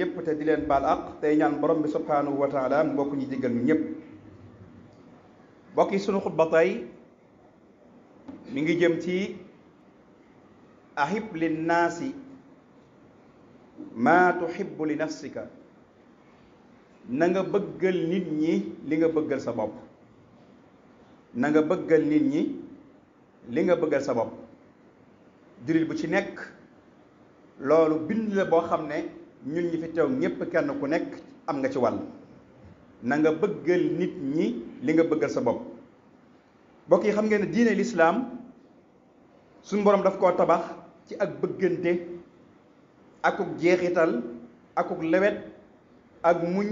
ñëpp te di leen baal àq tey ñaan borom bi subhaanahu wa taala mu bokk ñu jéggal ñu ñépp bokk yi sunu xutba tey mi ngi jëm ci ahib linnaasi maa tuhibbu li nafsika na nga bëggal nit ñi sa bopp na nga bëggal nit ñi li nga bëggal sa bopp jullit bu ci nekk loolu bind la boo xam ne ñu ñi fi teew ñëpp kenn ku nekk am nga ci wàll na nga bëggal nit ñi li nga bëggal sa bopp mbokk yi xam ngeen ne diine lislaam suñu mboroom daf koo tabax ci ak bëggante akuk jeexital akuk lewet ak muñ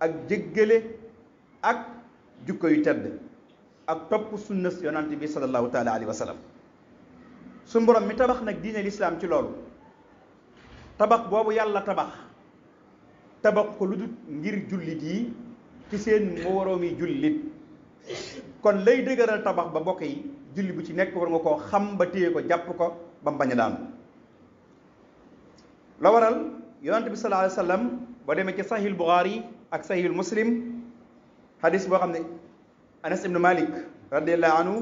ak jéggale ak jukko yu tedd ak topp sunnas yonante bi sallallahu taala alayhi wa sallam mi tabax nag diine lislaam ci loolu tabax bobu yàlla tabax tabax ko lu dut ngir julit yi ci seen woromi julit kon lay deugural tabax ba mbokk yi julli bu ci nek war nga ko xam ba tey ko jàpp ko ba bañ la waral yaronte bi sallallahu alayhi wasallam sallam demé ci sahih bukhari ak sahih muslim hadis bo xamné anas ibn malik radiyallahu anhu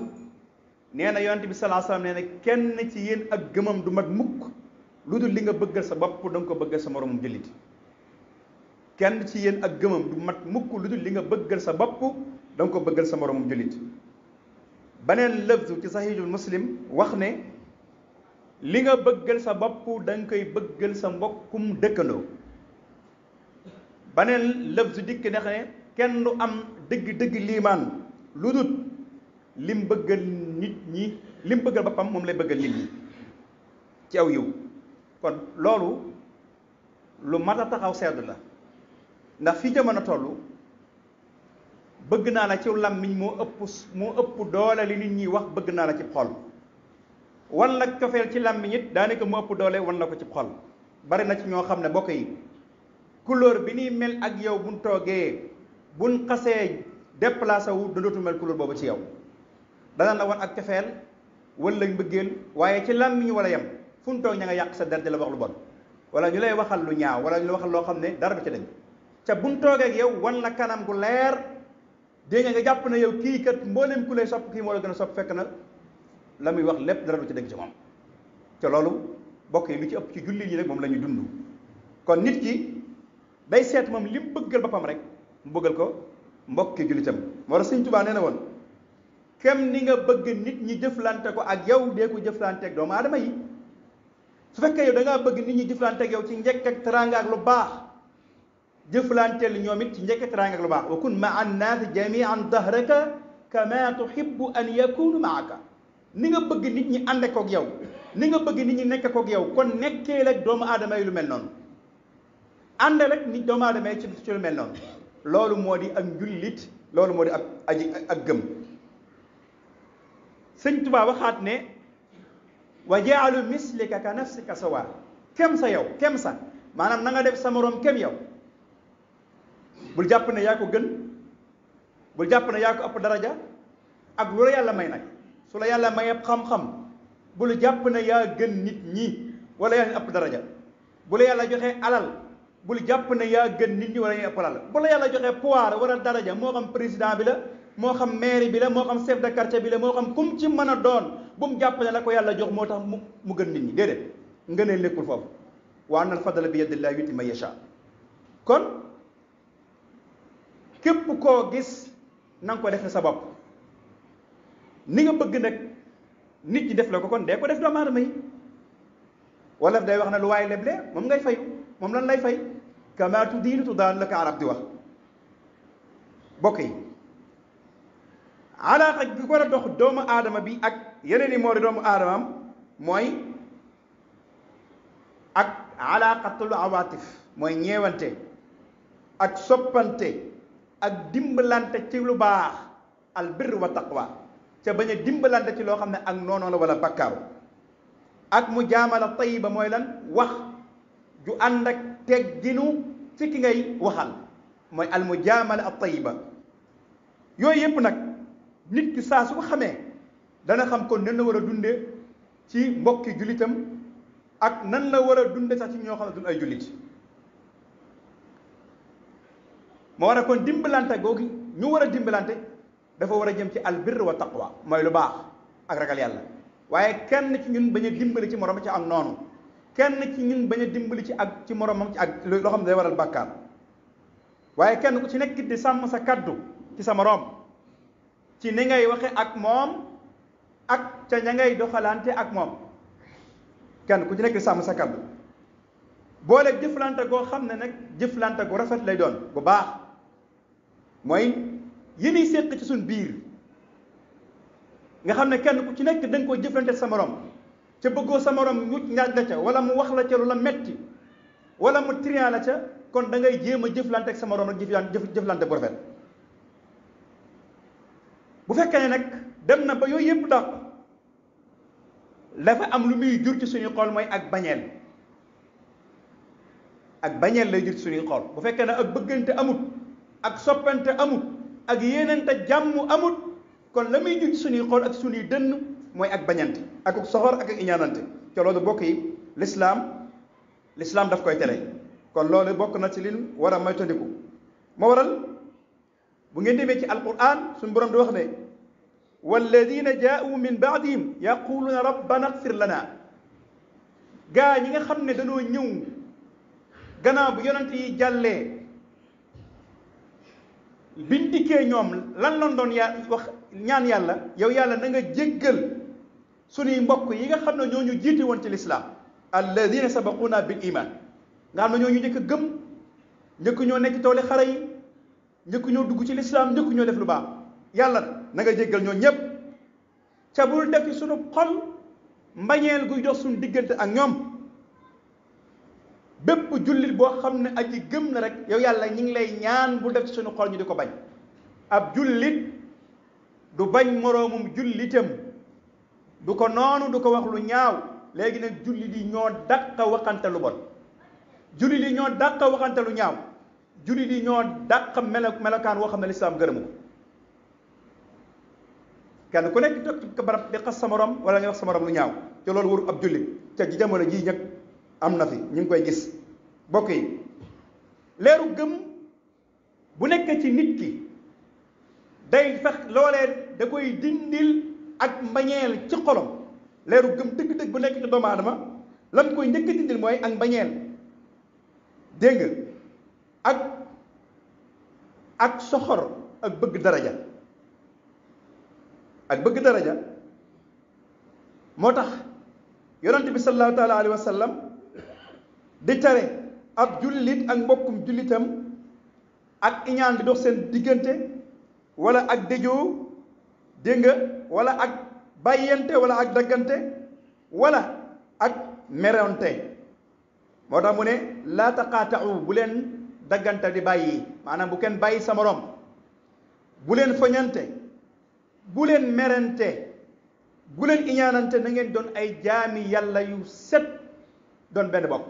neena yaronte bi sallallahu alayhi wasallam neena kenn ci yéen ak gëmam du mat mukk lu dul li nga bëggal sa bopp da ko bëggal sa moromum jullit kenn ci yéen ak gëmam du mat mukk lu dul li nga bëggal sa bopp danga nga ko bëggal sa moromum jullit beneen lëfzu ci saxiixul muslim wax ne li nga bëggal sa bopp da nga koy bëggal sa mbokkum dëkkandoo beneen lëfzu dikk ne ne kenn du am dëgg-dëgg liimaan lu dul lim bëggal nit ñi lim bëggal boppam moom lay bëggal nit ñi ci aw yiw kon loolu lu mat a taxaw sedd la ndax fi jamono toll bëgg naa la ci làmmiñ moo ëpp moo ëpp doole li nit ñi wax bëgg naa la cib xol wan la cofeel ci làmmiñ it daanaka mu ëpp doole wan la ko cib xol bari na ci ñoo xam ne bokk yi couleur bi ni mel ak yow buñ toogee buñ xasee déplacé wu dootu mel couleur boobu ci yow dana la wan ak cofeel wala mbëggeel waaye ci làmmiñ wala yem fuñ mu toog ña nga yàq sa der di la wax lu bon wala ñu lay waxal lu ñaaw wala ñu waxal loo xam ne dara du ci dañ ca buñ mu toogee ak yow wan la kanam gu leer dégg nga jàpp na yow kii kat mboolem ku lay sopp kii moo la gën a sopp fekk na la muy wax lépp dara du ci dëgg ci moom ca loolu bokk yi lu ci ëpp ci julli ñi rek moom la ñu dund kon nit ki day seet moom li bëggal boppam rek mu bëggal ko mbokki jullitam moo tax sëñ tubaa nee na woon kem ni nga bëgg nit ñi jëflante ko ak yow dee ko jëflante ak doomu aadama yi su fekkee yow da bëgg nit ñi jëflante ak yow ci njëkk ak teraanga lu baax jëflanteel ñoom it ci njëkk ak teraanga lu baax wa kun ma an naasi jamian dahraka kama tuhibbu an yakunu maaka ni nga bëgg nit ñi ànd koog yow ni nga bëgg nit ñi nekk koog yow kon nekkee ak doomu aadama yi lu mel noonu ànd rek nit doomu aadama yi ci lu mel noonu loolu moo di ak njullit loolu moo di ak aji ak gëm sëñ Tuubaa waxaat ne wa jaalu mislika ka nafsika sawa kem sa yow kem sa maanaam na def sa moroom kem yow bul jàpp na yaa ko gën bul jàpp ne yaa ko ëpp daraja ak lu la yàlla may nag su la yàlla may ab xam-xam bul jàpp ne yaa gën nit ñi wala yaa ëpp daraja bu yàlla joxee alal bul jàpp ne yaa gën nit ñi wala ñu ëpp alal bu yàlla joxee pouvoir wala daraja moo xam président bi la moo xam maire bi la moo xam chef de bi la moo xam kum ci mën a doon bu mu jàpp ne la ko yàlla jox moo tax mu mu gën nit ñi nga ngëneel nekkul foofu wa anna al fadla bi yu yuti man yasha kon képp koo gis nang nga ko def sa bopp ni nga bëgg nag nit ñi def la ko kon dee ko def doomu aadama yi wala day wax na lu waay leble moom ngay fayu moom lan lay fay kama tudiinu tudaan la ko arab di wax bokk yi alaaka bi war a dox doomu aadama bi ak yeneen i doomu aadamam mooy ak alaaqatul awaatif mooy ñeewante ak soppante ak dimbalante ci lu baax al birr wa taqwa ca bañ a dimbalante ci loo xam ne ak noonoo la wala bakkaaru ak mu jaamala tayiba mooy lan wax ju ànd ak tegginu ci ki ngay waxal mooy al mu jaamala tayiba yooyu yëpp nag nit ki saa su ko xamee dana xam kon nan la war a ci mbokki julitam ak nan la war a dundee sax ci ñoo xam ne duñ ay julit moo war a kon dimbalante googi ñu war a dimbalante dafa war a jëm ci birr wa taqwa mooy lu baax ak ragal yàlla waaye kenn ci ñun bañ a dimbali ci morom ci ak noonu kenn ci ñun bañ a dimbali ci ak ci moromam ci ak loo xam ne day waral bàkkaar waaye kenn ku ci nekk di sàmm sa kaddu ci sa morom ci ni ngay waxe ak mom ak ca ña ngay doxalante ak mom kan ku ci nek sam sa kàddu boole jëflante go xamne nak jëflante go rafet lay doon bu baax moy yi sekk ci sun biir nga xamne kenn ku ci nek dang ko jëflante sa morom ca bëggo sa morom ñu na ca wala mu wax la ca lu la metti wala mu trian ca kon da ngay jéem jëflante ak sa morom rek jëflante bu rafet bu fekkee ne nag dem na ba yooyu yëpp dàq dafa am lu muy jur ci suñu xool mooy ak bañeel ak bañeel lay jur ci suñuy xool bu fekkee ne ak bëggante amut ak soppante amut ak yéenante jàmm amut kon la muy jur ci suñuy xool ak suñuy dënn mooy ak bañante ak ak soxor ak ak iñaanante te loolu bokk yi lislaam lislaam daf koy tere kon loolu bokk na ci li war a moytandiku moo waral bu ngeen demee ci alquran suñu borom di wax ne walladina jaau min baadihim yaquluna rabbana gfir lana gaa ñi nga xam ne dañoo ñëw gannaaw bu yonent yi jàllee biñ dikkee ñoom lan lan doon yaa wax ñaan yàlla yow yàlla na nga jéggal suñuy mbokk yi nga xam ne ñoo ñu jiite woon ci lislaam alladina sabaquna bil iman nga xam ne ñoo ñu njëkk a gëm njëkk ñoo nekk tooli xare yi njëkk ñoo dugg ci lislaam njëkk ñoo def lu baax yàlla na nga jéggal ñoo ñëpp ca bul def ci sunu xol mbañeel guy dox suñu diggante ak ñoom bépp jullit boo xam ne aji gëm na rek yow yàlla ñi ngi lay ñaan bul def ci sunu xol ñi di ko bañ ab jullit du bañ moroomum jullitam du ko noonu du ko wax lu ñaaw léegi nag jullit yi ñoo dàq waxante lu bon jullit yi ñoo dàq waxante lu ñaaw jullit yi ñoo dàq melo melokaan woo xam ne lislaam gërëmu ko kenn ku nekk dëkk barab di xas sa morom wala nga wax sa morom lu ñaaw te loolu waru ab jullit ca ji jamono jii ñëpp am na fi ñu ngi koy gis bokk yi leeru gëm bu nekk ci nit ki day fex loolee da koy dindil ak mbañeel ci xolom leeru gëm dëgg-dëgg bu nekk ci doomu aadama lan koy njëkk dindil mooy ak mbañeel dégg ak ak soxor ak bëgg daraja ak bëgg daraja moo tax yonent bi sallallahu taala alayhi wa di tare ak jullit ak mbokkum jullitam ak iñaan di dox seen diggante walla ak déjoo dégg nga ak bàyyante wala ak daggante wala ak meronte moo tax mu ne laa taqaataxu bu leen daggante di bàyyi maanaam bu kenn bàyyi sa morom bu leen foñante bu leen merante bu leen iñaanante na ngeen doon ay jaami yàlla yu set doon benn bokk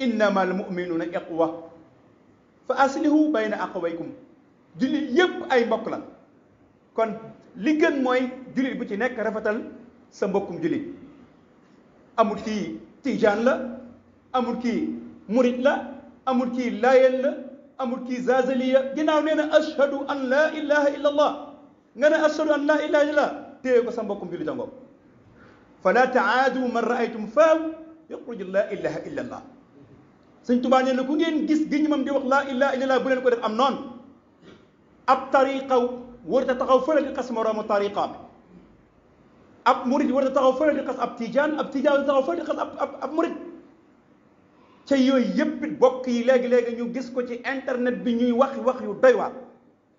innama al muminuuna iqwa fa aslihu bayna aqawaykum jullit yépp ay mbokk la kon li gën mooy jullit bu ci nekk rafetal sa mbokkum jullit amul kii tijaan la amul kii murit la amul kii laayeen la amul kii zazaliya ginnaaw nee na ashhadu an laa ilaha illa allah nga ne ashhadu an laa ilaha illa téye ko sa mbokkum julli tango fala taadu man raaytum faaw yaqruj laa ilaha illa allah sëñ tubaa nee na ku ngeen gis giñ mam di wax laa ilaha illa allah bu leen ko def am noon ab tariqa warta taxaw fële di xas moroomu tariqaam ab murid warta taxaw fële di xas ab tijaan ab tijaan warta taxaw fële di xas ab ab murid ca yooyu yëpp it bokk yi léegi-léegi ñu gis ko ci internet bi ñuy wax wax yu doy waar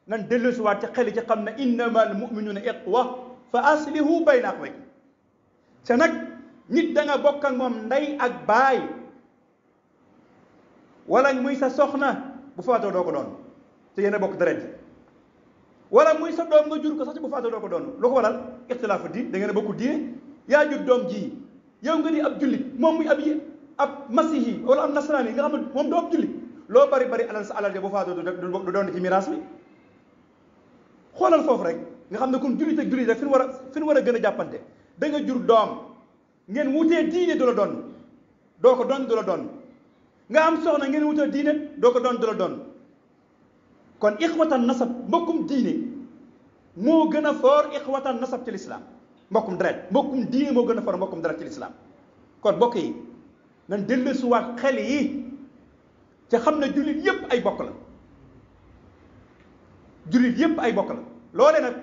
nan dellusiwaat ci xel ci xam innama al muminuuna iqwa fa aslihu bayna axwaykum ca nag nit da nga bokk ak moom ndey ak baay wala muy sa soxna bu faatoo doo ko doon te yéen bokk deret wala muy sa doom nga jur ko sax bu faatoo doo ko doon lu ko waral ixtilaafu di da ngeen a bokku diye yaa jur doom ji yow nga di ab jullit moom muy ab yéen ab masihi wala ab nasaraani nga xam ne moom doo ab jullit loo bari bari alal sa alal ja bu faatoo du doon ci miraas mi xoolal foofu rek nga xam ne kon jullit ak jullit rek fi nu war a fi nu war a gën a jàppante da nga jur doom ngeen wutee diine du la doon doo ko doon du la doon nga am soxna ngeen wutee diine doo ko doon du la doon kon ixwatan nasab mbokkum diine moo gën a foor ixwatan nasab ci lislaam mbokkum deret mbokkum diine moo gën a foor mbokkum deret ci lislaam kon mbokk yi nan dellusiwaat xel yi ca xam na jullit yépp ay bokk la jullit yépp ay bokk la loole nag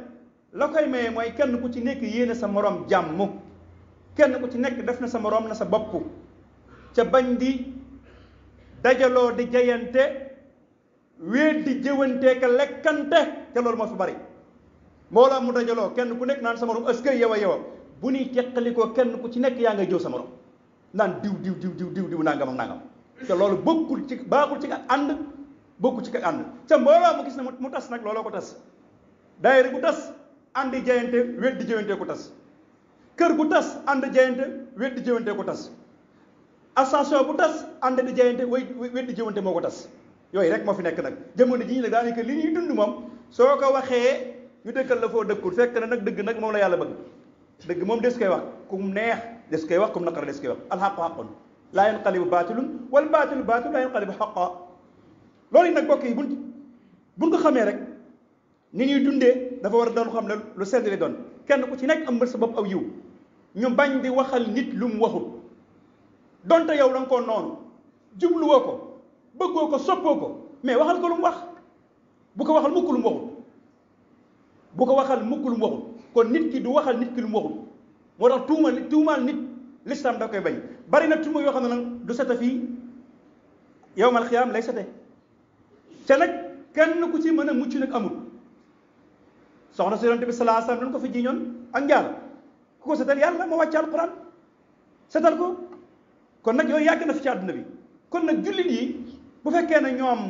la koy maye mooy kenn ku ci nekk yéene sa moroom jàmm kenn ku ci nekk def na sa moroom na sa bopp ca bañ di dajaloo di jayante wéet di jëwantee ka lekkante ca loolu moo fi bari mbooloo mu dajaloo kenn ku nekk naan sa moroom est-ce que bu ñuy teqalikoo kenn ku ci nekk yaa ngay jëw sa moroom naan diw diw diw diw diw diw nangam ak nangam te loolu bokkul ci baaxul ci ak ànd bokkul ci ka ànd te mbooloo mu gis ne mu tas nag looloo ko tas daayira bu tas ànd jayante weddi jëwante ko tas kër gu tas ànd jayante weddi jëwante ko tas association bu tas ànd di jayante way weddi jëwante moo ko tas yooyu rek moo fi nekk nag jamono ji ñu nag daanaka lii ñuy dund moom soo ko waxee ñu dëkkal la foo dëkkul fekk na nag dëgg nag moom la yàlla bëgg dëgg moom des koy wax ku neex لسكي وقت كم نقرأ لسكي وقت الحق حق لا ينقلب باطل والباطل باطل لا ينقلب حقا لولي نك بوكي بون بون كو خامي رك ني ني دوندي دا فا ورا دون خام لو سيد لي دون كين كو سي نك امبر سبب او يو ني باغ دي وخال نيت لوم واخو دونتا ياو لان كو نون جوبلو وكو بغو كو مي وخال كو لوم واخ بو كو وخال موكو لوم واخو بو كو وخال موكو لوم واخو كون نيت كي دو وخال نيت كي لوم واخو moo tax tuuma tuumaal nit l'islam da koy bañ bari na tuuma yoo xam ne nag du sete fii yowmal xiyaam lay sete ca nag kenn ku ci mën a mucc nag amul soxna si yonente bi salaa salaam ko fi jiñoon ak njaal ku ko setal yàlla moo wàcce alquran setal ko kon nag yooyu yàgg na fi ci àdduna bi kon nag jullit yi bu fekkee ne ñoom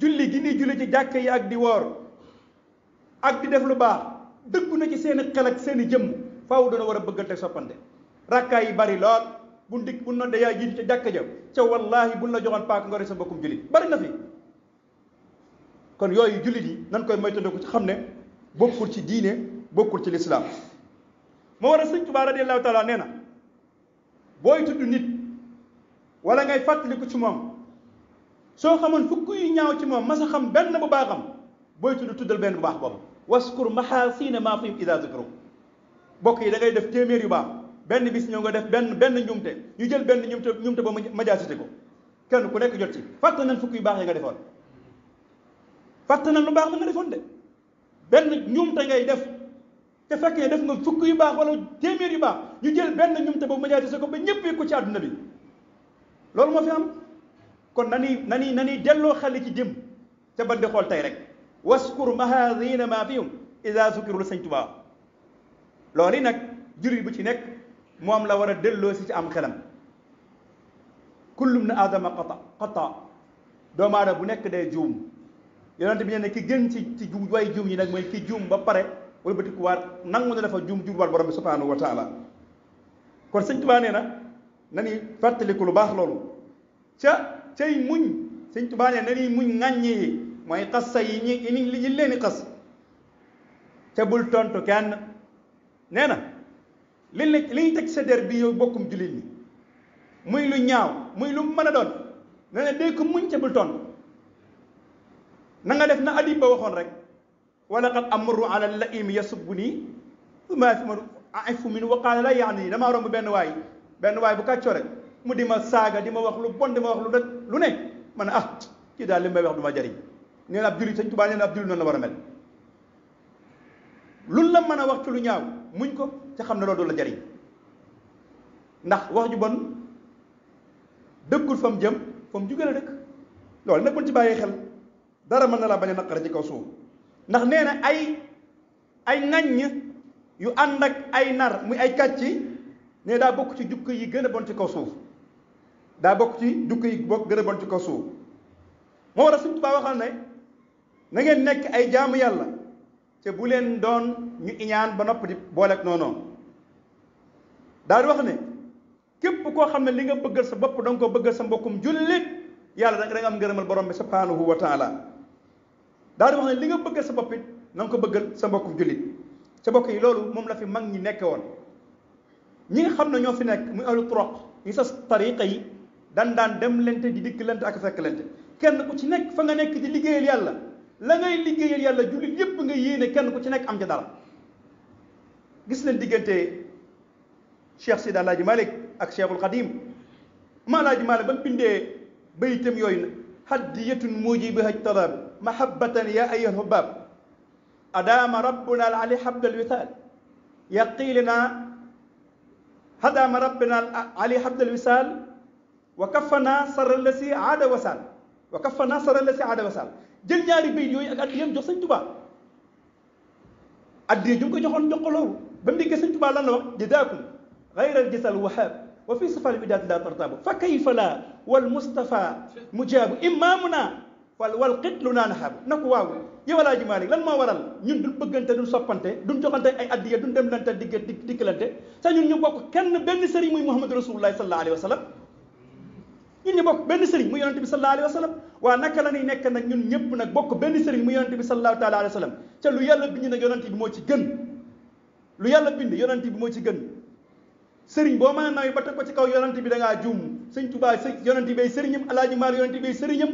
julli gi ni julli ci jàkk yi ak di woor ak di def lu baax dëggu na ci seen i xel ak seen jëmm faaw dana war a bëggante soppante rakkaa yi bari lool bu ndikk bu nodde yaa jiitu ca jàkka ja ca wallaahi bu la joxoon paak nga rey sa mbokkum jullit bari na fi kon yooyu jullit yi nan koy moytandiku ci xam ne bokkul ci diine bokkul ci lislaam moo war a sëñ Tuubaa radiyallaahu taala nee na booy tudd nit wala ngay fàttaliku ci moom soo xamoon fukk yu ñaaw ci moom mas a xam benn bu baaxam booy tund tuddal benn bu baax boobu waskur maxaasina maa fihim idaa zukiru bokk yi da ngay def téeméer yu baax benn bis ñoo nga def benn benn njumte ñu jël benn njumte njumte ba ma majaasite ko kenn ku nekk jot ci fàtte nañ fukk yu baax yi nga defoon fàtte nañ lu baax la nga defoon de benn njumte ngay def te fekkee def nga fukk yu baax wala téeméer yu baax ñu jël benn njumte ba ma majaasite ko ba ñëpp yëg ko ci àdduna bi loolu moo fi am kon nani nani nani delloo xale ci jëm te ban di xool tey rek waskur mahadina ma fihum ida zukiru la sëñ tubaa loolu nag jullit bu ci nekk moom la war a delloo si ci am xelam kullum na aadama xata xata doomu aadama bu nekk day juum yonent bi nee ne ki gën ci ci ju way juum yi nag mooy ki juum ba pare wala bëti kuwaar nangu na dafa juum jubluwaat borom bi subhanahu wa taala kon sëñ tubaa nee na nañuy fàttaliku lu baax loolu ca cay muñ sëñ tubaa nee na nañuy muñ ŋàññi yi mooy xas sa yi ñi ini li ñu leen i xas ca bul tontu kenn nee na liñ la li ñu teg sa der bi yow bokkum jullit ñi muy lu ñaaw muy lu mën a doon nee na dee ko muñ ca bul tontu na nga def na adib ba waxoon rek wala qad amru ala laim yasubbu nii ma fi ma aifu min wa qaala la yaani nii damaa romb benn waay benn waay bu kàccoo rek mu di ma saaga di ma wax lu bon di ma wax lu rek lu ne man ah kii daal li may wax du ma jariñ nee na ab jullit Sëñ Tuubaa nee ab jullit noonu la war a mel lu la mën a wax ci lu ñaaw muñ ko ca xam ne loolu du la jariñ ndax wax ju bon dëkkul fa mu jëm fa mu jugee la dëkk loolu nag buñ ci bàyyee xel dara mën na laa bañ a naqare ci kaw suuf ndax nee na ay ay ŋàññ yu ànd ak ay nar muy ay kàcci ne daa bokk ci jukk yi gën a bon ci kaw suuf daa bokk ci jukk yi gën a bon ci kaw suuf moo war a Sëriñ Tuubaa waxal ne na ngeen nekk ay jaamu yàlla te bu leen doon ñu iñaan ba nopp di booleeg noonu daal di wax ne képp koo xam ne li nga bëggal sa bopp da nga ko bëggal sa mbokkum jullit yàlla da nga am ngërëmal borom bi subhanahu wa taala daal di wax ne li nga bëggal sa bopp it na nga ko bëggal sa mbokk yi loolu moom la mag ñi nekk woon ñi nga xam ne ñoo fi nekk muy ahlu turoq ñi sas tariqa yi dan daan dem lente di dikk lente ak fekk lente kenn ku ci nekk fa nga nekk di liggéeyal yàlla la ngay liggéeyal yàlla jullit yépp nga yéene kenn ku ci nekk am ca gis nañ diggante Cheikh Sidi Alaaji Malik ak Cheikhul Xadim ma Alaaji Malik ba mu bindee baytam yooyu na haddiyatun mujibahaj talaab mahabbatan ya ayyuhal hubaab adaama rabbuna al ali habdal witaal yaqilina hadaama rabbuna al ali habdal wisaal wa kafana sarra aada wasaal وكف ناصر الله سعادة وسال جل جاري بي يوي اك اديام جو سنتوبا ادري جوم كو جوخون جوكو لو بام ديك سنتوبا لا لا جزاكم غير الجزاء الوهاب وفي صفة الوداد لا ترتاب فكيف لا والمصطفى مجاب امامنا والقتل ننهب نكو واو يا ولا جمالك لان ما ورال نون دون بغنت دون سوبانتي دون جوخانتي اي اديا دون دم لانتا ديك ديك لانتي سا نون ني بوك كين بن سري محمد رسول الله صلى الله عليه وسلم ñun ñu bokk benn sëriñ mu yonente bi sallallahu alayhi wa sallam waa naka la ñuy nekk nag ñun ñëpp nag bokk benn sëriñ mu yonente bi sallallahu taala alayhi wa sallam ca lu yàlla bind nag yonente bi moo ci gën lu yàlla bind yonente bi moo ci gën sëriñ boo mën a nawi ba teg ko ci kaw yonente bi da ngaa juum sëñ Tuubaa së yonente bay sëriñam alaaji maar yonente bay sëriñam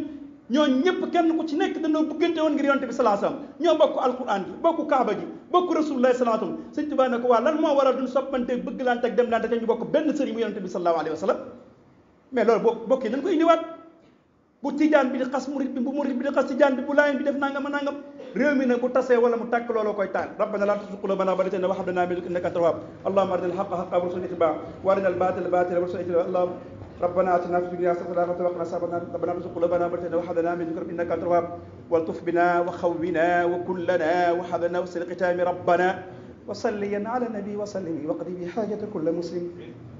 ñoo ñëpp kenn ku ci nekk dañoo buggante woon ngir yonente bi salaa sallam ñoo bokk alquran ji bokk kaaba ji bokk rasulullahi salaa sallam sëñ Tuubaa ne ko waa lan moo waral duñ soppante bëgglante ak demlante te ñu bokk benn sëriñ mu yonente bi sallallahu alayhi wa sallam mais loolu boo bokki dañ koy indiwaat bu tijaan bi di xas murid bi bu murid bi di xas tijaan bi bu laayin bi def nangam nangam réew mi nag bu tasee wala mu tàkk looloo koy taal rabbana la tusu qulubana bal tana wa hab lana min ladunka innaka antal wahhab allahumma arina al-haqqa haqqan wa rzuqna ittiba'a wa arina al batil batila wa rzuqna ijtinaba ربنا اتنا في الدنيا حسنه وقنا عذاب النار ربنا ارزق قلوبنا وارزقنا وحدنا من ذكر انك انت الرب والطف بنا وخونا وكلنا وحدنا وسل الختام ربنا وصليا على النبي وسلم وقضي بحاجه كل مسلم